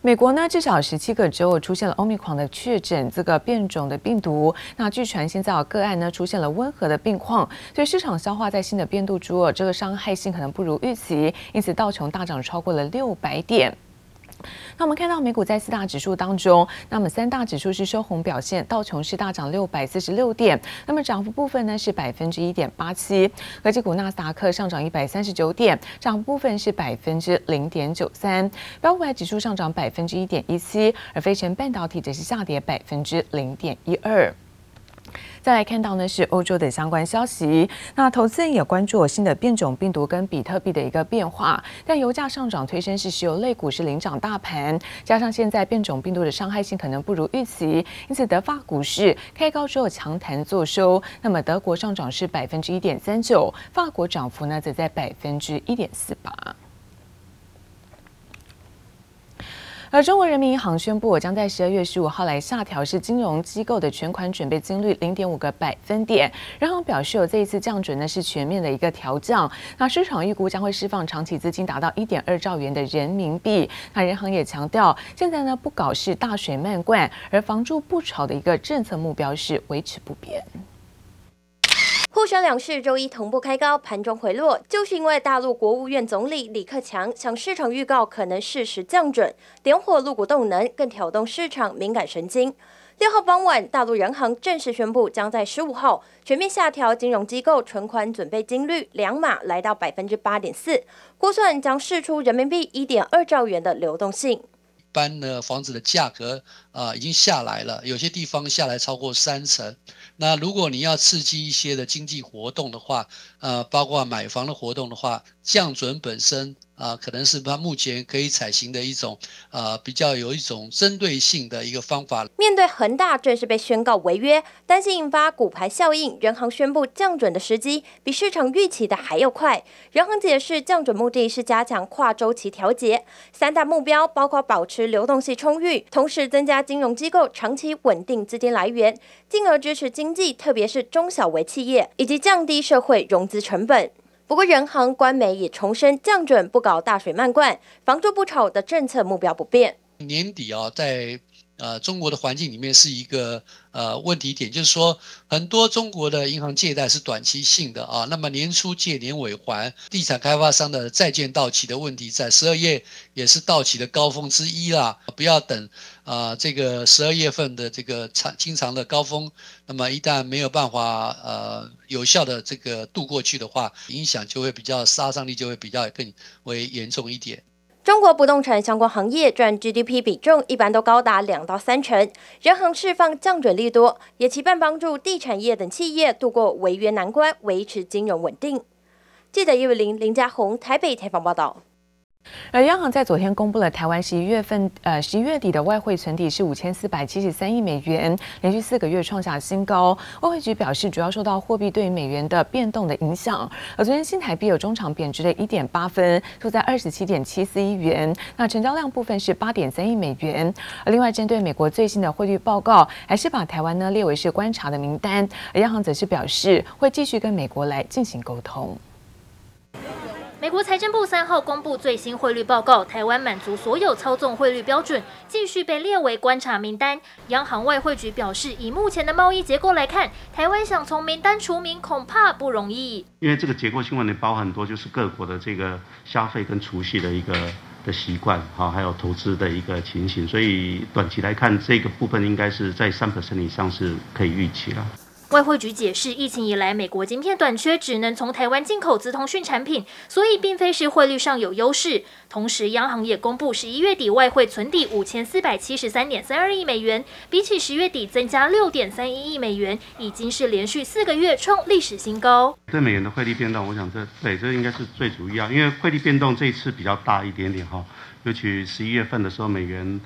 美國呢，至少十七個州出現了 Omicron 的確診這個變種的病毒。那據傳現在有個案呢出現了溫和的病況，對市場消化在新的變度株兒，這個傷害性可能不如預期，因此道瓊大漲超過了六百點。那我們看到美股在四大指數當中，那麼三大指數是收紅表現，道瓊斯大漲六百四十六點，那麼漲幅部分呢是百分之一點八七；科技股納斯達克上漲一百三十九點，漲幅部分是百分之零點九三；標普指數上漲百分之一點一七，而費城半導體則是下跌百分之零點一二。再來看到呢是歐洲的相關消息，那投資人也關注了新的變種病毒跟比特幣的一個變化，但油價上漲推升是石油類股市領漲大盤，加上現在變種病毒的傷害性可能不如預期，因此德法股市開高之後強彈作收，那麼德國上漲是百分之一點三九，法國漲幅呢則在百分之一點四八。而中國人民銀行宣布，我將在十二月十五號來下調是金融機構的存款準備金率零點五個百分點。人行表示，我這一次降準呢是全面的一個調降。那市場預估將會釋放長期資金達到一點二兆元的人民幣。那人行也強調，現在呢不搞是大水漫灌，而房住不炒的一個政策目標是維持不變。滬深兩市周一同步開高，盤中回落，就是因為大陸國務院總理李克強向市場預告可能適時降準，點火陸股動能，更挑動市場敏感神經。六號傍晚，大陸人行正式宣布，將在十五號全面下調金融機構存款準備金率兩碼，來到百分之八點四，估算將釋出人民幣一點二兆元的流動性。一般的房子的價格啊，呃，已經下來了，有些地方下來超過三成。那如果你要刺激一些的經濟活動的話，呃，包括買房的活動的話，降準本身。啊、呃，可能是他目前可以採行的一種，呃，比較有一種針對性的一個方法。面對恆大正式被宣告違約，擔心引發骨牌效應，人行宣布降準的時機比市場預期的還要快。人行解釋降準目的是加強跨週期調節，三大目標包括保持流動性充裕，同時增加金融機構長期穩定資金來源，進而支持經濟，特別是中小微企業，以及降低社會融資成本。不過，人行官媒也重申降準不搞大水漫灌、房住不炒的政策目標不變。年底啊、哦，在。呃，中國的環境裡面是一個呃問題點，就是說很多中國的銀行借貸是短期性的啊，那麼年初借年尾還，地產開發商的債券到期的問題在十二月也是到期的高峰之一啦，不要等啊、呃、這個十二月份的這個償清償的高峰，那麼一旦沒有辦法呃有效的這個度過去的話，影響就會比較殺傷力就會比較更為嚴重一點。中國不動產相關行業占 GDP 比重一般都高達兩到三成，人行釋放降準利多，也期盼幫助地產業等企業度過違約難關，維持金融穩定。記者葉雨玲、林家紅台北採訪報道。而央行在昨天公布了台灣十一月份，呃，十一月底的外匯存底是五千四百七十三億美元，連續四個月創下新高。外匯局表示，主要受到貨幣對於美元的變動的影響。而昨天新台幣有中場貶值的一點八分，處在二十七點七四一元。那成交量部分是八點三億美元。而另外，針對美國最新的匯率報告，還是把台灣呢列為是觀察的名單。而央行則是表示，會繼續跟美國來進行溝通。美國財政部三號公布最新匯率報告，台灣滿足所有操縱匯率標準，繼續被列為觀察名單。央行外匯局表示，以目前的貿易結構來看，台灣想從名單除名恐怕不容易。因為這個結構性問題包含很多，就是各國的這個消費跟儲蓄的一個的習慣，好，還有投資的一個情形。所以短期來看，這個部分應該是在百分之三以上是可以預期了。外匯局解釋，疫情以來，美國晶片短缺，只能從台灣進口資通訊產品，所以並非是匯率上有優勢。同時，央行也公布十一月底外匯存底五千四百七十三點三二億美元，比起十月底增加六點三一億美元，已經是連續四個月創歷史新高。對美元的匯率變動，我想這對這應該是最主要啊，因為匯率變動這一次比較大一點點哈，尤其十一月份的時候，美元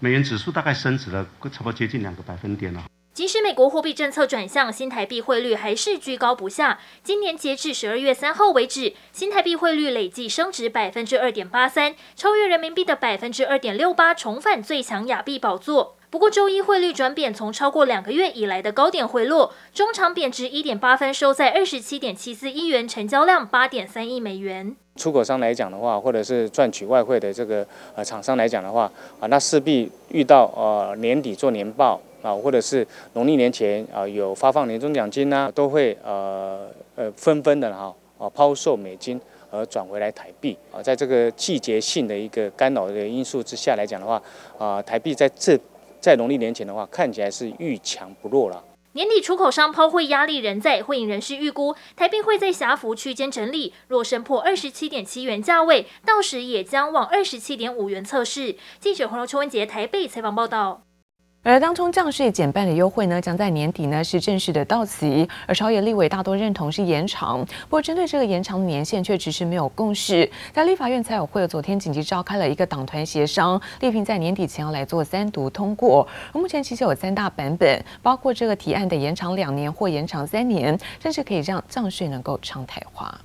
美元指數大概升值了，差不多接近兩個百分點了。即使美國貨幣政策轉向，新台幣匯率還是居高不下。今年截至十二月三號為止，新台幣匯率累計升值百分之二點八三，超越人民幣的百分之二點六八，重返最強亞幣寶座。不過週一匯率轉貶，從超過兩個月以來的高點回落，中場貶值一點八分，收在二十七點七四一元，成交量八點三億美元。出口商來講的話，或者是賺取外匯的這個呃廠商來講的話，啊、呃，那勢必遇到呃年底做年報。啊，或者是農曆年前啊，有發放年終獎金呢、啊，都會呃呃紛紛的哈啊拋售美金而轉回來台幣啊，在這個季節性的一個干擾的因素之下來講的話啊、呃，台幣在這在農曆年前的話，看起來是癒強不弱了。年底出口商拋匯壓力仍在，匯銀人士預估台幣會在狹幅區間整理，若升破二十七點七元價位，到時也將往二十七點五元測試。記者黃龍邱文杰台北採訪報道。而當中降稅減半的優惠呢，將在年底呢是正式的到期。而朝野立委大多認同是延長，不過針對這個延長的年限卻遲遲沒有共識。在立法院財委會昨天緊急召開了一個黨團協商，力拚在年底前要來做三讀通過。而目前其實有三大版本，包括這個提案的延長兩年或延長三年，甚至可以讓降稅能夠常態化。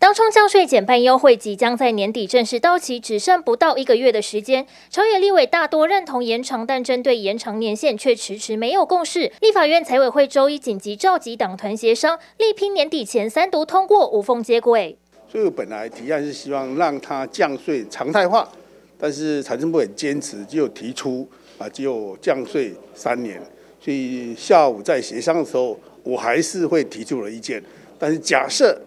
當沖降稅減半優惠即將在年底正式到期，只剩不到一個月的時間。朝野立委大多認同延長，但針對延長年限卻遲遲沒有共識。立法院財委會周一緊急召集黨團協商，力拼年底前三讀通過，無縫接軌。所以我本來提案是希望讓他降稅常態化，但是財政部很堅持，只有提出啊，只有降稅三年。所以下午在協商的時候，我還是會提出了意見，但是假設。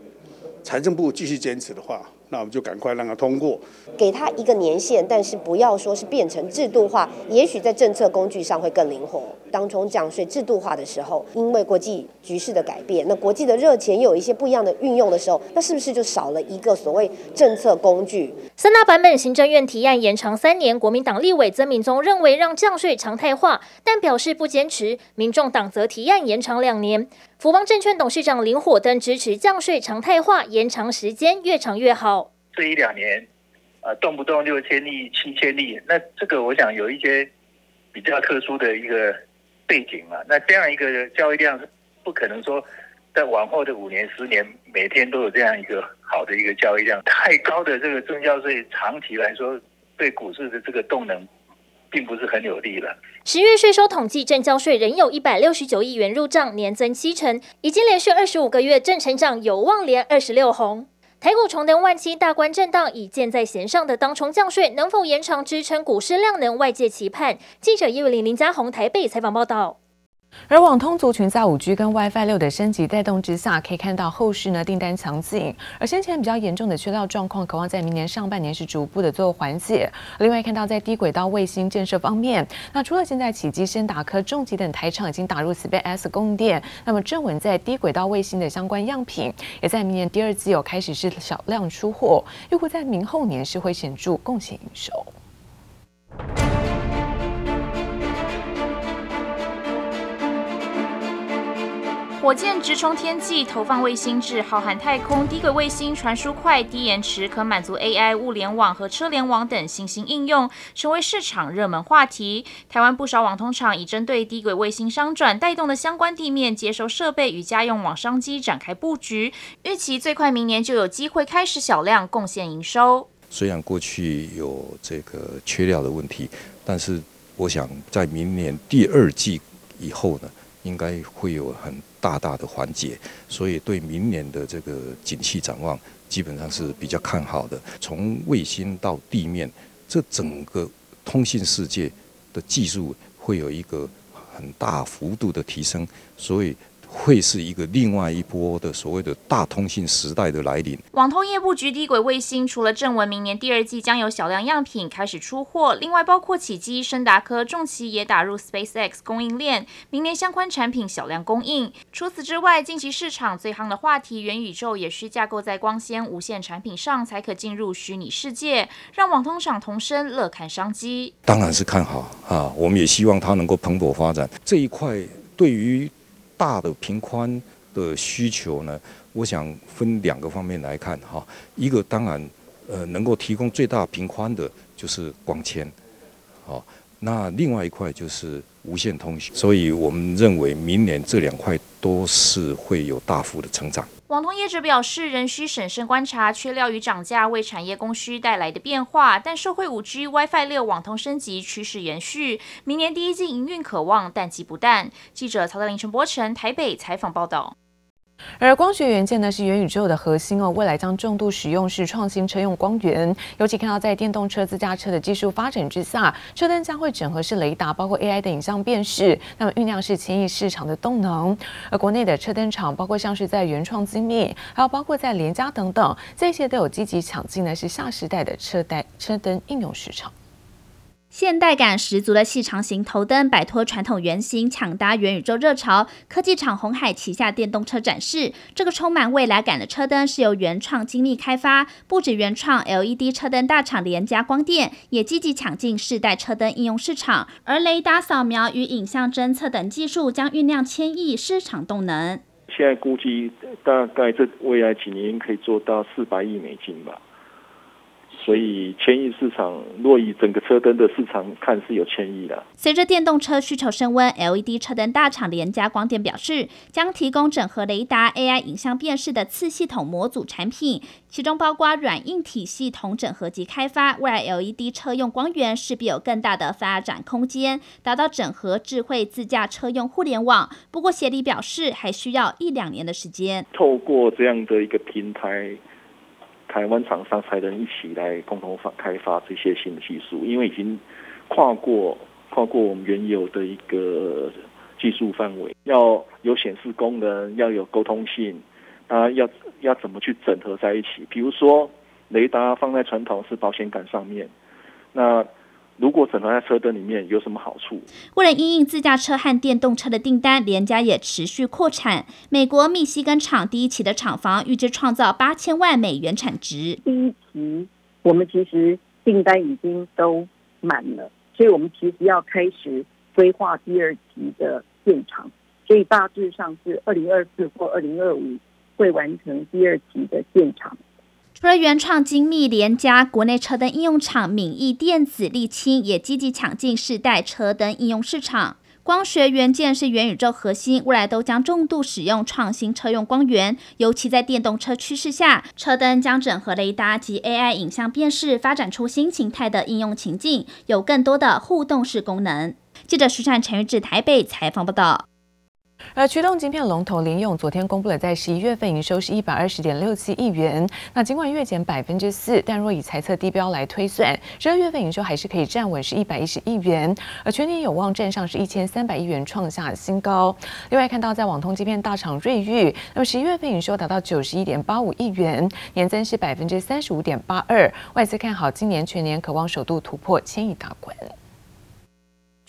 財政部繼續堅持的話，那我們就趕快讓他通過，給他一個年限，但是不要說是變成制度化，也許在政策工具上會更靈活。當從降稅制度化的時候，因為國際局勢的改變，那國際的熱錢有一些不一樣的運用的時候，那是不是就少了一個所謂政策工具？三大版本行政院提案延長三年，國民黨立委曾銘宗認為讓降稅常態化，但表示不堅持；民眾黨則提案延長兩年。福邦證券董事長林火燈支持降稅常態化，延長時間越長越好。這一兩年，呃、啊，動不動六千億七千億，那這個我想有一些比較特殊的一個背景嘛。那這樣一個交易量是不可能說在往後的五年、十年，每天都有這樣一個好的一個交易量。太高的這個證交稅，長期來說對股市的這個動能。並不是很有利了。十月稅收統計，證交稅仍有一百六十九億元入賬，年增七成，已經連續二十五個月正成長，有望連二十六紅。台股重登萬七大關震盪，震蕩已箭在弦上。的當沖降稅能否延長支撐股市量能？外界期盼。記者葉偉玲林家紅台北採訪報道。而網通族群在五 G 跟 WiFi 六的升級帶動之下，可以看到後市呢訂單強勁，而先前比較嚴重的缺料狀況，可望在明年上半年是逐步的做緩解。另外看到在低軌道衛星建設方面，那除了現在啟碁、昇達科、眾達等台廠已經打入 SpaceX 供電，那麼正文在低軌道衛星的相關樣品，也在明年第二季有開始是少量出貨，又會在明後年是會顯著貢獻營收。火箭直衝天際，投放衛星至浩瀚太空。低軌衛星傳輸快、低延遲，可滿足 AI、物聯網和車聯網等新興應用，成為市場熱門話題。台灣不少網通廠已針對低軌衛星商轉帶動的相關地面接收設備與家用網商機展開布局，預期最快明年就有機會開始小量貢獻營收。雖然過去有這個缺料的問題，但是我想在明年第二季以後呢，應該會有很。大大的緩解，所以對明年的這個景氣展望，基本上是比較看好的。從衛星到地面，這整個通信世界的技術會有一個很大幅度的提升，所以，會是一個另外一波的所謂的大通信時代的來臨。網通業佈局低軌衛星，除了正文，明年第二季將有小量樣品開始出貨。另外，包括起基、昇達科、重奇也打入 SpaceX 供應鏈，明年相關產品小量供應。除此之外，近期市場最夯的話題，元宇宙也需架構在光纖無線產品上才可進入虛擬世界，讓網通廠同聲樂看商機。當然是看好啊！我們也希望它能夠蓬勃發展。這一塊對於大的頻寬的需求呢，我想分兩個方面來看哈。一個當然，呃，能夠提供最大頻寬的，就是光纖，好。那另外一塊就是無線通訊，所以我們認為明年這兩塊都是會有大幅的成長。網通業者表示，仍需審慎觀察缺料與漲價為產業供需帶來的變化，但受惠五 G wi、WiFi 六網通升級趨勢延續，明年第一季營運可望淡季不淡。記者曹大林、陳柏成台北採訪報道。而光學元件呢，是元宇宙的核心哦。未來將重度使用是創新車用光源，尤其看到在電動車、自駕車的技術發展之下，車燈將會整合是雷達，包括 AI 的影像辨識，那麼醞釀是千億市場的動能。而國內的車燈廠，包括像是在原創精密，還有包括在聯嘉等等，這些都有積極搶進的是下時代的車燈車燈應用市場。現代感十足的細長型頭燈擺脫傳統圓形，搶搭元宇宙熱潮。科技廠鴻海旗下電動車展示這個充滿未來感的車燈，是由原創精密開發。不止原創 LED 車燈大廠聯嘉光電，也積極搶進世代車燈應用市場。而雷達掃描與影像偵測等技術，將醞釀千億市場動能。現在估計大概這未來幾年可以做到四百億美金吧。所以千億市場，若以整個車燈的市場看，是有千億的。隨着電動車需求升溫，LED 車燈大廠聯加光電表示，將提供整合雷達、AI 影像辨識的次系統模組產品，其中包括軟硬體系統整合及開發。未來 LED 車用光源勢必有更大的發展空間，達到整合智慧自駕車用互聯網。不過協理表示，還需要一兩年的時間。透過這樣的一個平台。台灣廠商才能一起來共同發開發這些新的技術，因為已經跨過跨過我們原有的一個技術範圍，要有顯示功能，要有溝通性，啊，要要怎麼去整合在一起？比如說雷達放在傳統是保險桿上面，那。如果整合在車燈裡面有什麼好處？為了因應自駕車和電動車的訂單，連家也持續擴產。美國密西根廠第一期的廠房預計創造八千萬美元產值。第一期我們其實訂單已經都滿了，所以我們其實要開始規劃第二期的建廠。所以大致上是二零二四或二零二五會完成第二期的建廠。除了原創精密聯嘉，國內車燈應用廠敏易電子麗清、瀝青也積極搶進世代車燈應用市場光學元件是元宇宙核心，未來都將重度使用創新車用光源。尤其在電動車趨勢下，車燈將整合雷達及 AI 影像辨識，發展出新形態的應用情境，有更多的互動式功能。記者徐展陳於至台北採訪報道而、呃、驅動晶片龍頭聯詠昨天公布了在十一月份營收是一百二十點六七億元，那儘管月減百分之四，但若以財測低標來推算，十二月份營收還是可以站穩是一百一十億元，而全年有望站上是一千三百億元，創下新高。另外看到在網通晶片大廠瑞昱，那麼十一月份營收達到九十一點八五億元，年增是百分之三十五點八二，外資看好今年全年可望首度突破千億大關。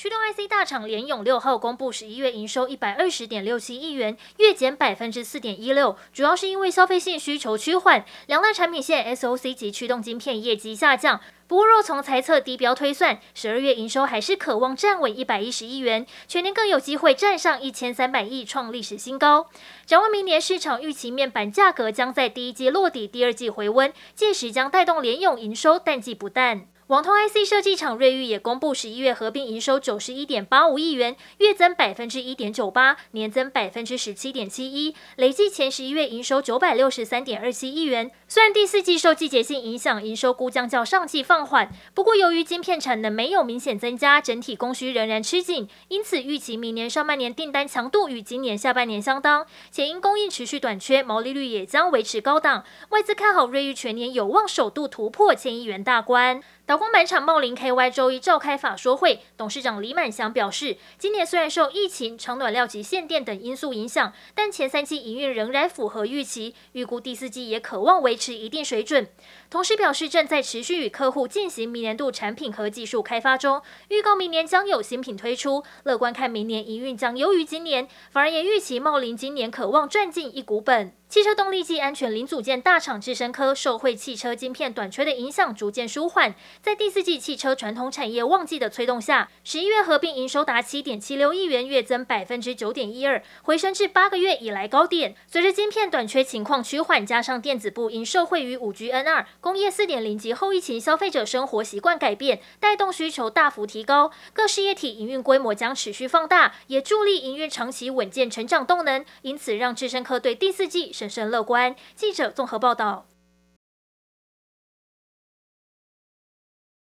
驅動 IC 大廠聯詠六號公布十一月營收一百二十點六七億元，月減百分之四點一六，主要是因為消費性需求趨緩，兩大產品線 SOC 及驅動晶片業績下降。不過若從財測低標推算，十二月營收還是渴望站穩一百一十億元，全年更有機會站上一千三百億，創歷史新高。展望明年市場預期面板價格將在第一季落底，第二季回溫，屆時將帶動聯詠營收淡季不淡。網通 IC 設計廠瑞昱也公布，十一月合併營收九十一點八五億元，月增百分之一點九八，年增百分之十七點七一，累計前十一月營收九百六十三點二七億元。雖然第四季受季節性影響，營收估將較上季放緩，不過由於晶片產能沒有明顯增加，整體供需仍然吃緊，因此預期明年上半年訂單強度與今年下半年相當，且因供應持續短缺，毛利率也將維持高檔。外資看好瑞昱全年有望首度突破千億元大關。導光板廠茂林 KY 週一召開法說會，董事長李滿祥表示，今年雖然受疫情、長短料及限電等因素影響，但前三季營運仍然符合預期，預估第四季也可望維持一定水準。同時表示，正在持續與客戶進行明年度產品和技術開發中，預告明年將有新品推出，樂觀看明年營運將優於今年，反而也預期茂林今年可望賺進一股本。汽車動力及安全零組件大廠智深科，受惠汽車晶片短缺的影響逐漸舒緩，在第四季汽車傳統產業旺季的推動下，十一月合併營收達七點七六億元，月增百分之九點一二，回升至八個月以來高點。隨着晶片短缺情況趨緩，加上電子部因受惠於五 G NR 工業四點零及後疫情消費者生活習慣改變，帶動需求大幅提高，各事業體營運規模將持續放大，也助力營運長期穩健成長動能。因此，讓智深科對第四季。審慎樂觀。記者綜合報道。